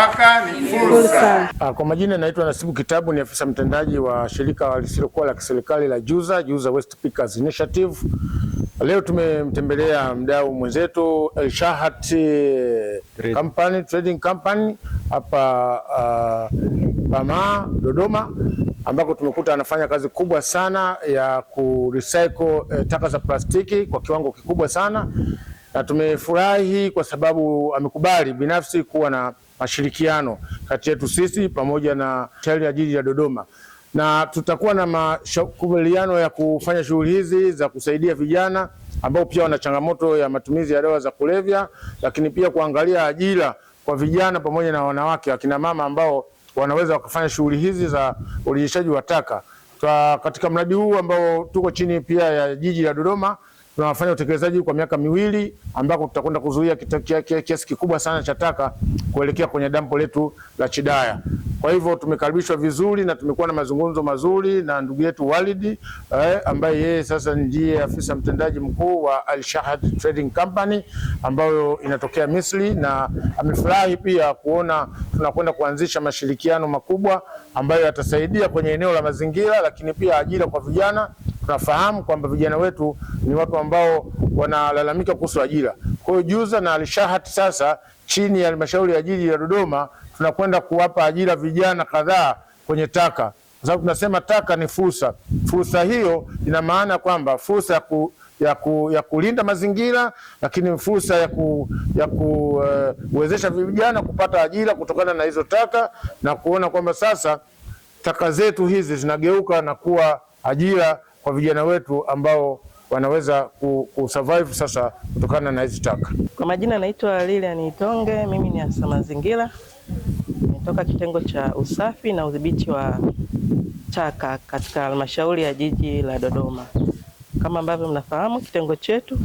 Baraka ni fursa. Ah, kwa majina naitwa Nasibu Kitabu, ni afisa mtendaji wa shirika lisilokuwa la kiserikali la Juza, Juza West Pickers Initiative. Leo tumemtembelea mdau mwenzetu El Shahat eh, Company, Trading Company hapa Bamaa ah, uh, Dodoma ambako tumekuta anafanya kazi kubwa sana ya recycle eh, taka za plastiki kwa kiwango kikubwa sana, na tumefurahi kwa sababu amekubali binafsi kuwa na mashirikiano kati yetu sisi pamoja na halmashauri ya jiji la Dodoma, na tutakuwa na makubaliano ya kufanya shughuli hizi za kusaidia vijana ambao pia wana changamoto ya matumizi ya dawa za kulevya, lakini pia kuangalia ajira kwa vijana pamoja na wanawake, akina mama ambao wanaweza wakafanya shughuli hizi za urejeshaji wa taka. Katika mradi huu ambao tuko chini pia ya jiji la Dodoma tunafanya utekelezaji kwa miaka miwili ambako tutakwenda kuzuia kiasi kikubwa sana cha taka kuelekea kwenye dampo letu la Chidaya. Kwa hivyo tumekaribishwa vizuri na tumekuwa na mazungumzo mazuri na ndugu yetu Walid eh, ambaye yeye sasa ndiye afisa mtendaji mkuu wa Al Shahad Trading Company ambayo inatokea Misri, na amefurahi pia kuona tunakwenda kuanzisha mashirikiano makubwa ambayo yatasaidia kwenye eneo la mazingira, lakini pia ajira kwa vijana tunafahamu kwamba vijana wetu ni watu ambao wanalalamika kuhusu ajira. Kwa hiyo JUZA na al sasa chini ya halmashauri ya jiji la Dodoma tunakwenda kuwapa ajira vijana kadhaa kwenye taka, kwa sababu tunasema taka ni fursa. Fursa hiyo ina maana kwamba fursa ya ku ya, ku, ya kulinda mazingira lakini fursa ya kuwezesha ya kuwezesha eh, uh, vijana kupata ajira kutokana na hizo taka na kuona kwamba sasa taka zetu hizi zinageuka na kuwa ajira kwa vijana wetu ambao wanaweza kusurvive sasa kutokana na hizi taka. Kwa majina naitwa Lilian Itonge, mimi ni afisa mazingira nimetoka kitengo cha usafi na udhibiti wa taka katika halmashauri ya jiji la Dodoma. Kama ambavyo mnafahamu, kitengo chetu,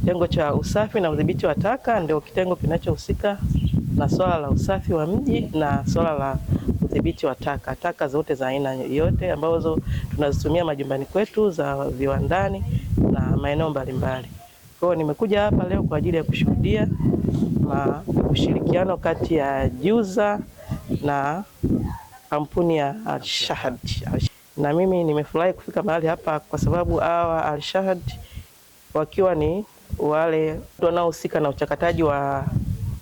kitengo cha usafi na udhibiti wa taka, ndio kitengo kinachohusika na swala la usafi wa mji na swala la udhibiti wa taka, taka zote za aina yote ambazo tunazitumia majumbani kwetu, za viwandani na maeneo mbalimbali. Kwa hiyo nimekuja hapa leo kwa ajili ya kushuhudia na ushirikiano kati ya JUZA na kampuni ya Alshahad, na mimi nimefurahi kufika mahali hapa kwa sababu hawa Alshahad wakiwa ni wale wanaohusika na uchakataji wa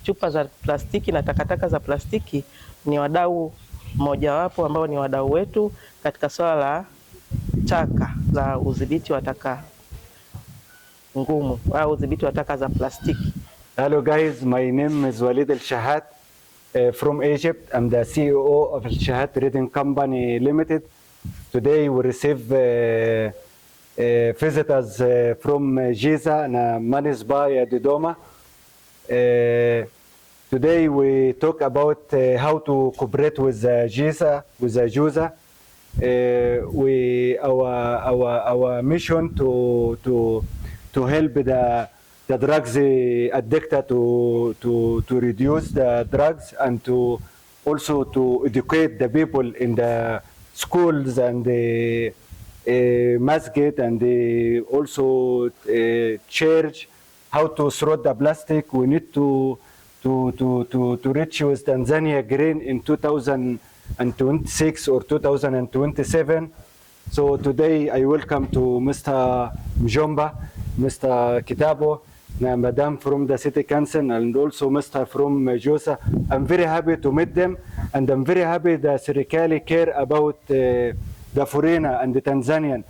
chupa za plastiki na takataka za plastiki ni wadau mmojawapo ambao ni wadau wetu katika swala la taka za udhibiti wa taka ngumu au udhibiti wa taka za plastiki. Hello guys, my name is Walid Al Shahat uh, eh, from Egypt. I'm the CEO of Al Shahat Reading Company Limited. Today we receive uh, uh, visitors uh, from Giza and uh, Manisba, Dodoma. Uh, Today we talk about uh, how to cooperate with the uh, GISA, with the uh, JUSA. Uh, we our our our mission to to to help the the drugs uh, addicted to to to reduce the drugs and to also to educate the people in the schools and the uh, masjid and the also uh, church how to throw the plastic we need to to, to, to, to reach with Tanzania grain in 2026 or 2027. So today I welcome to Mr. Mjomba, Mr. Kitabo, and Madam from the City Council, and also Mr. from JOSA. I'm very happy to meet them, and I'm very happy that Serikali care about uh, the foreigner and the Tanzanian